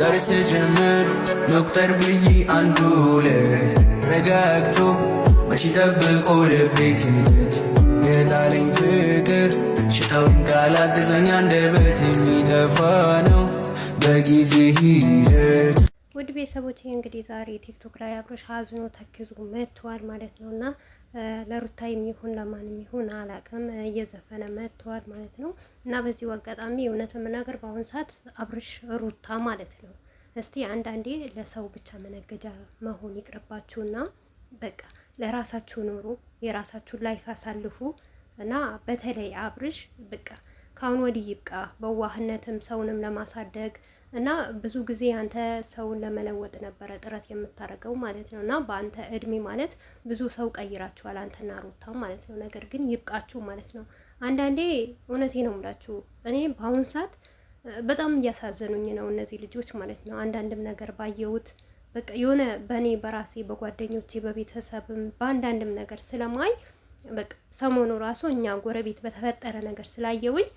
ዛሬ ስጀምር መቁጠር ብዬ አንዱ ረጋግቶ መች ጠብቆ ልቤ ክህደት የጣለኝ ፍቅር ሽታውን ቃላት ደዘኛ አንደበት የሚጠፋ ነው በጊዜ ሂደት ቤተሰቦች እንግዲህ ዛሬ ቲክቶክ ላይ አብርሽ አዝኖ ተክዞ መጥቷል ማለት ነው እና ለሩታ የሚሆን ለማንም ይሁን አላቅም እየዘፈነ መጥቷል ማለት ነው እና በዚሁ አጋጣሚ እውነት መናገር በአሁን ሰዓት አብርሽ ሩታ ማለት ነው። እስቲ አንዳንዴ ለሰው ብቻ መነገጃ መሆን ይቅርባችሁና በቃ ለራሳችሁ ኑሩ፣ የራሳችሁን ላይፍ አሳልፉ እና በተለይ አብርሽ በቃ ከአሁን ወዲህ ይብቃ። በዋህነትም ሰውንም ለማሳደግ እና ብዙ ጊዜ አንተ ሰውን ለመለወጥ ነበረ ጥረት የምታደርገው ማለት ነው። እና በአንተ እድሜ ማለት ብዙ ሰው ቀይራችኋል አንተና ሩታ ማለት ነው። ነገር ግን ይብቃችሁ ማለት ነው። አንዳንዴ እውነቴ ነው የምላችሁ እኔ በአሁኑ ሰዓት በጣም እያሳዘኑኝ ነው እነዚህ ልጆች ማለት ነው። አንዳንድም ነገር ባየሁት በቃ የሆነ በእኔ በራሴ በጓደኞቼ በቤተሰብም በአንዳንድም ነገር ስለማይ በቃ ሰሞኑ ራሱ እኛ ጎረቤት በተፈጠረ ነገር ስላየውኝ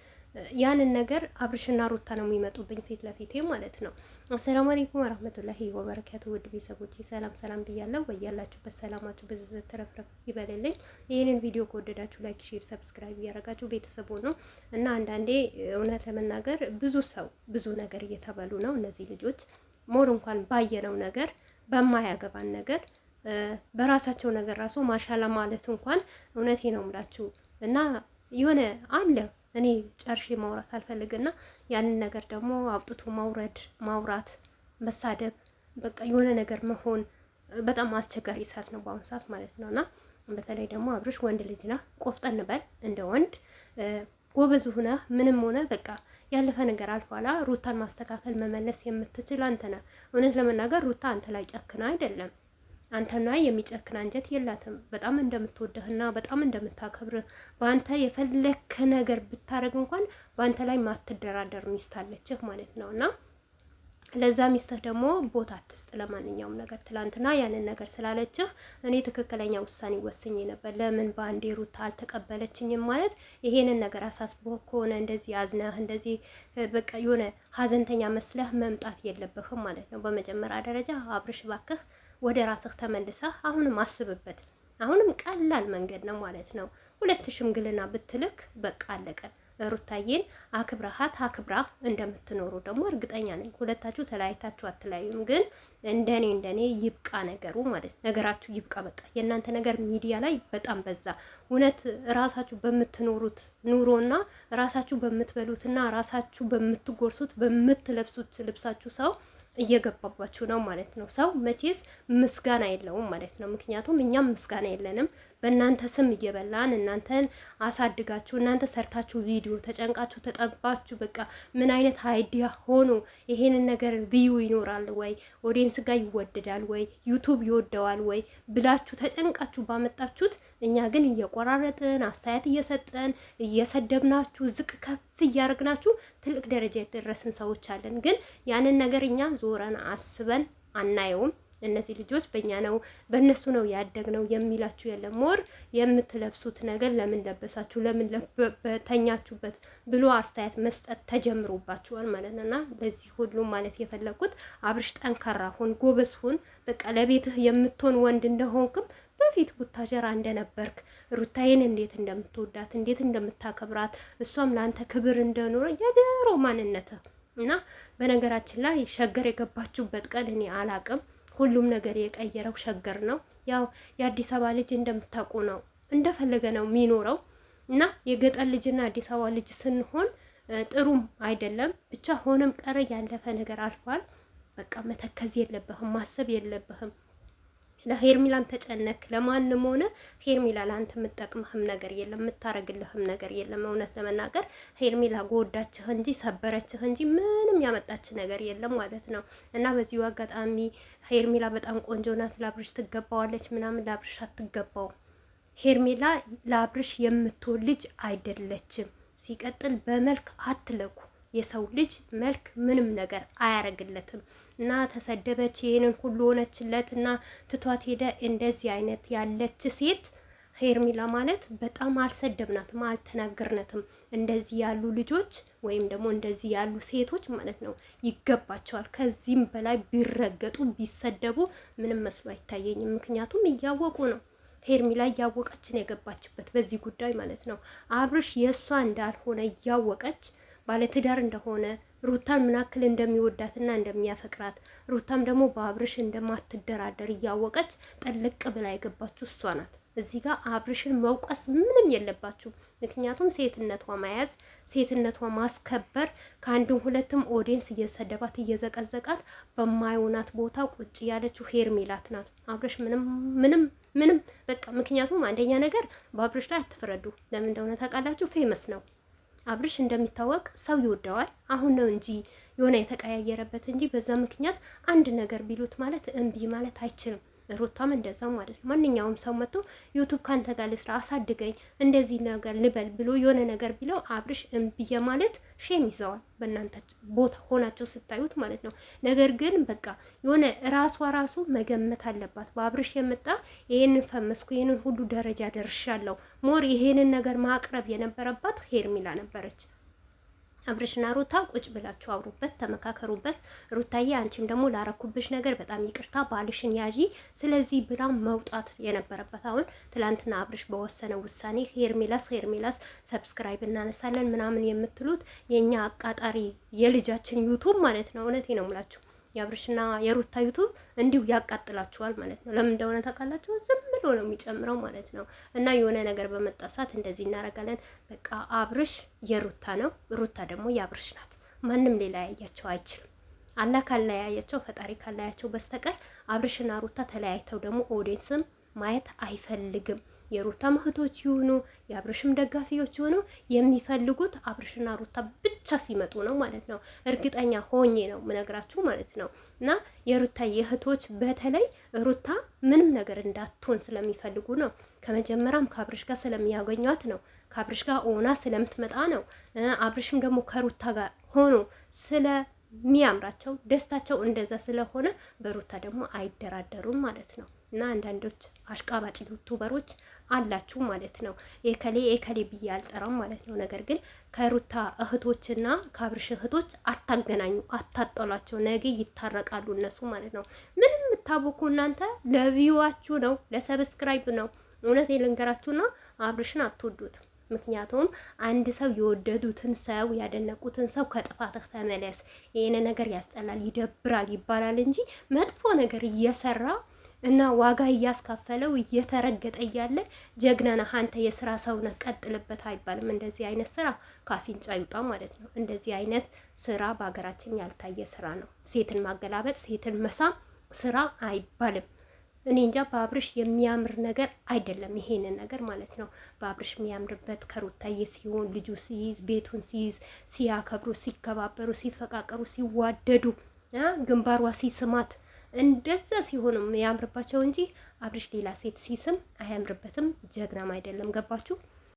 ያንን ነገር አብርሽና ሩታ ነው የሚመጡብኝ ፊት ለፊቴ ማለት ነው። አሰላሙ አለይኩም ወራህመቱላሂ ወበረካቱ። ውድ ቤተሰቦች ሰላም ሰላም ብያለሁ። ወያላችሁበት ሰላማችሁ በዝዝት ተረፍረፍ ይበልልኝ። ይህንን ቪዲዮ ከወደዳችሁ ላይክ፣ ሼር፣ ሰብስክራይብ እያደረጋችሁ ቤተሰቡ ነው እና አንዳንዴ እውነት ለመናገር ብዙ ሰው ብዙ ነገር እየተበሉ ነው እነዚህ ልጆች ሞር እንኳን ባየነው ነገር በማያገባን ነገር በራሳቸው ነገር ራሱ ማሻላ ማለት እንኳን እውነቴ ነው ምላችሁ እና የሆነ አለ እኔ ጨርሼ ማውራት አልፈልግና ያንን ነገር ደግሞ አውጥቶ ማውረድ፣ ማውራት፣ መሳደብ በቃ የሆነ ነገር መሆን በጣም አስቸጋሪ ሰዓት ነው በአሁኑ ሰዓት ማለት ነው። እና በተለይ ደግሞ አብርሽ ወንድ ልጅ ነህ፣ ቆፍጠን በል እንደ ወንድ ጎበዝ ሆነ ምንም ሆነ በቃ ያለፈ ነገር አልፏላ። ሩታን ማስተካከል መመለስ የምትችል አንተ ነህ። እውነት ለመናገር ሩታ አንተ ላይ ጨክና አይደለም አንተና የሚጨክን አንጀት የላትም። በጣም እንደምትወደህና በጣም እንደምታከብርህ በአንተ የፈለክ ነገር ብታደርግ እንኳን በአንተ ላይ ማትደራደር ሚስት አለችህ ማለት ነው እና ለዛ ሚስትህ ደግሞ ቦታ አትስጥ ለማንኛውም ነገር። ትላንትና ያንን ነገር ስላለችህ እኔ ትክክለኛ ውሳኔ ወስኜ ነበር። ለምን በአንዴ ሩታ አልተቀበለችኝም? ማለት ይሄንን ነገር አሳስቦህ ከሆነ እንደዚህ አዝነህ እንደዚህ በቃ የሆነ ሀዘንተኛ መስለህ መምጣት የለብህም ማለት ነው። በመጀመሪያ ደረጃ አብርሽ እባክህ ወደ ራስህ ተመልሰህ አሁንም አስብበት። አሁንም ቀላል መንገድ ነው ማለት ነው። ሁለት ሽምግልና ብትልክ በቃ አለቀ። ሩታዬን አክብረሃት አክብራህ እንደምትኖሩ ደግሞ እርግጠኛ ነኝ። ሁለታችሁ ተለያይታችሁ አትለያዩም፣ ግን እንደኔ እንደኔ ይብቃ ነገሩ ማለት ነገራችሁ ይብቃ። በቃ የእናንተ ነገር ሚዲያ ላይ በጣም በዛ። እውነት ራሳችሁ በምትኖሩት ኑሮና ራሳችሁ በምትበሉትና ራሳችሁ በምትጎርሱት በምትለብሱት ልብሳችሁ ሰው እየገባባችሁ ነው ማለት ነው። ሰው መቼስ ምስጋና የለውም ማለት ነው። ምክንያቱም እኛም ምስጋና የለንም። በእናንተ ስም እየበላን እናንተን አሳድጋችሁ እናንተ ሰርታችሁ ቪዲዮ ተጨንቃችሁ ተጠባችሁ በቃ ምን አይነት አይዲያ ሆኖ ይሄንን ነገር ቪዩ ይኖራል ወይ ኦዲየንስ ጋር ይወደዳል ወይ ዩቱብ ይወደዋል ወይ ብላችሁ ተጨንቃችሁ ባመጣችሁት፣ እኛ ግን እየቆራረጥን አስተያየት እየሰጠን እየሰደብናችሁ ዝቅ ከፍ እያደረግናችሁ ትልቅ ደረጃ የደረስን ሰዎች አለን። ግን ያንን ነገር እኛ ዞረን አስበን አናየውም። እነዚህ ልጆች በእኛ ነው በእነሱ ነው ያደግ ነው የሚላችሁ የለም። ሞር የምትለብሱት ነገር ለምን ለበሳችሁ፣ ለምን ተኛችሁበት ብሎ አስተያየት መስጠት ተጀምሮባችኋል ማለት እና ለዚህ ሁሉም ማለት የፈለግኩት አብርሽ ጠንካራ ሁን፣ ጎበዝ ሁን። በቃ ለቤትህ የምትሆን ወንድ እንደሆንክም በፊት ቡታጀራ እንደነበርክ ሩታዬን እንዴት እንደምትወዳት እንዴት እንደምታከብራት እሷም ለአንተ ክብር እንደኖረ የድሮ ማንነትህ እና በነገራችን ላይ ሸገር የገባችሁበት ቀን እኔ አላቅም። ሁሉም ነገር የቀየረው ሸገር ነው። ያው የአዲስ አበባ ልጅ እንደምታውቁ ነው እንደፈለገ ነው የሚኖረው እና የገጠር ልጅና አዲስ አበባ ልጅ ስንሆን ጥሩም አይደለም። ብቻ ሆነም ቀረ ያለፈ ነገር አልፏል። በቃ መተከዝ የለብህም ማሰብ የለብህም። ለሄርሚላም ተጨነክ ለማንም ሆነ ሄርሚላ ለአንተ የምጠቅምህም ነገር የለም፣ የምታረግልህም ነገር የለም። እውነት ለመናገር ሄርሚላ ጎዳችህ እንጂ ሰበረችህ እንጂ ምንም ያመጣች ነገር የለም ማለት ነው። እና በዚሁ አጋጣሚ ሄርሚላ በጣም ቆንጆ ናት፣ ለአብርሽ ትገባዋለች ምናምን፣ ለአብርሽ አትገባው። ሄርሚላ ለአብርሽ የምትወድ ልጅ አይደለችም። ሲቀጥል በመልክ አትለኩ። የሰው ልጅ መልክ ምንም ነገር አያረግለትም እና ተሰደበች፣ ይህንን ሁሉ ሆነችለት እና ትቷት ሄደ። እንደዚህ አይነት ያለች ሴት ሄርሚላ ማለት በጣም አልሰደብናትም፣ አልተናገርነትም። እንደዚህ ያሉ ልጆች ወይም ደግሞ እንደዚህ ያሉ ሴቶች ማለት ነው ይገባቸዋል። ከዚህም በላይ ቢረገጡ ቢሰደቡ ምንም መስሎ አይታየኝም። ምክንያቱም እያወቁ ነው ሄርሚላ እያወቀች ነው የገባችበት በዚህ ጉዳይ ማለት ነው። አብርሽ የእሷ እንዳልሆነ እያወቀች ባለትዳር እንደሆነ ሩታን ምናክል እንደሚወዳትና እንደሚያፈቅራት ሩታም ደግሞ በአብርሽ እንደማትደራደር እያወቀች ጠልቅ ብላ የገባችው እሷ ናት። እዚህ ጋር አብርሽን መውቀስ ምንም የለባችሁ። ምክንያቱም ሴትነቷ መያዝ፣ ሴትነቷ ማስከበር፣ ከአንድም ሁለትም ኦዲየንስ እየሰደባት እየዘቀዘቃት በማይሆናት ቦታ ቁጭ ያለችው ሄርሜላት ናት። አብርሽ ምንም ምንም ምንም በቃ ምክንያቱም አንደኛ ነገር በአብርሽ ላይ አትፍረዱ። ለምን እንደሆነ ታውቃላችሁ፣ ፌመስ ነው አብርሽ እንደሚታወቅ ሰው ይወደዋል። አሁን ነው እንጂ የሆነ የተቀያየረበት እንጂ በዛ ምክንያት አንድ ነገር ቢሉት ማለት እምቢ ማለት አይችልም። ሩታም እንደዛ ማለት ነው። ማንኛውም ሰው መጥቶ ዩቱብ ካንተ ጋር ልስራ፣ አሳድገኝ፣ እንደዚህ ነገር ልበል ብሎ የሆነ ነገር ቢለው አብርሽ እምብዬ ማለት ሼም ይዘዋል። በእናንተ ቦታ ሆናቸው ስታዩት ማለት ነው። ነገር ግን በቃ የሆነ ራሷ ራሱ መገመት አለባት። በአብርሽ የመጣ ይሄንን ፈመስኩ፣ ይሄንን ሁሉ ደረጃ ደርሻለሁ፣ ሞር ይሄንን ነገር ማቅረብ የነበረባት ሄርሚላ ነበረች። አብርሽና ሩታ ቁጭ ብላችሁ አውሩበት፣ ተመካከሩበት። ሩታዬ አንቺም ደግሞ ላረኩብሽ ነገር በጣም ይቅርታ፣ ባልሽን ያዢ ስለዚህ ብላ መውጣት የነበረበት አሁን ትላንትና አብርሽ በወሰነ ውሳኔ ሄርሜላስ ሄርሜላስ ሰብስክራይብ እናነሳለን ምናምን የምትሉት የእኛ አቃጣሪ የልጃችን ዩቱብ ማለት ነው። እውነቴ ነው የምላችሁ የአብርሽና የሩታ ዩቱብ እንዲሁ ያቃጥላችኋል ማለት ነው። ለምን እንደሆነ ታውቃላችሁ? ዝም ብሎ ነው የሚጨምረው ማለት ነው። እና የሆነ ነገር በመጣ ሰዓት እንደዚህ እናደርጋለን። በቃ አብርሽ የሩታ ነው፣ ሩታ ደግሞ የአብርሽ ናት። ማንም ሌላ ያያቸው አይችልም። አላህ ካለያያቸው ፈጣሪ ካለያቸው በስተቀር አብርሽና ሩታ ተለያይተው ደግሞ ኦዲየንስም ማየት አይፈልግም። የሩታም እህቶች ይሁኑ የአብርሽም ደጋፊዎች ይሁኑ የሚፈልጉት አብርሽና ሩታ ብቻ ሲመጡ ነው ማለት ነው። እርግጠኛ ሆኜ ነው ምነግራችሁ ማለት ነው። እና የሩታ የእህቶች በተለይ ሩታ ምንም ነገር እንዳትሆን ስለሚፈልጉ ነው። ከመጀመሪያም ከአብርሽ ጋር ስለሚያገኟት ነው። ከአብርሽ ጋር ሆና ስለምትመጣ ነው። አብርሽም ደግሞ ከሩታ ጋር ሆኖ ስለ የሚያምራቸው ደስታቸው እንደዛ ስለሆነ በሩታ ደግሞ አይደራደሩም ማለት ነው። እና አንዳንዶች አሽቃባጭ ዩቱበሮች አላችሁ ማለት ነው። የከሌ የከሌ ብዬ አልጠራም ማለት ነው። ነገር ግን ከሩታ እህቶችና ከአብርሽ እህቶች አታገናኙ፣ አታጠሏቸው። ነገ ይታረቃሉ እነሱ ማለት ነው። ምንም የምታቦኩ እናንተ ለቪዋችሁ ነው፣ ለሰብስክራይብ ነው። እውነት ልንገራችሁና አብርሽን አትወዱት ምክንያቱም አንድ ሰው የወደዱትን ሰው ያደነቁትን ሰው ከጥፋትህ ተመለስ፣ ይህን ነገር ያስጠላል፣ ይደብራል ይባላል እንጂ መጥፎ ነገር እየሰራ እና ዋጋ እያስካፈለው እየተረገጠ እያለ ጀግና ነህ አንተ የስራ ሰውነ ቀጥልበት አይባልም። እንደዚህ አይነት ስራ ካፍንጫ ይውጣ ማለት ነው። እንደዚህ አይነት ስራ በሀገራችን ያልታየ ስራ ነው። ሴትን ማገላበጥ፣ ሴትን መሳም ስራ አይባልም። እኔ እንጃ በአብርሽ የሚያምር ነገር አይደለም። ይሄንን ነገር ማለት ነው በአብርሽ የሚያምርበት ከሩታዬ ሲሆን ልጁ ሲይዝ ቤቱን ሲይዝ ሲያከብሩ፣ ሲከባበሩ፣ ሲፈቃቀሩ፣ ሲዋደዱ ግንባሯ ሲስማት እንደዛ ሲሆንም ያምርባቸው እንጂ አብርሽ ሌላ ሴት ሲስም አያምርበትም። ጀግናም አይደለም። ገባችሁ?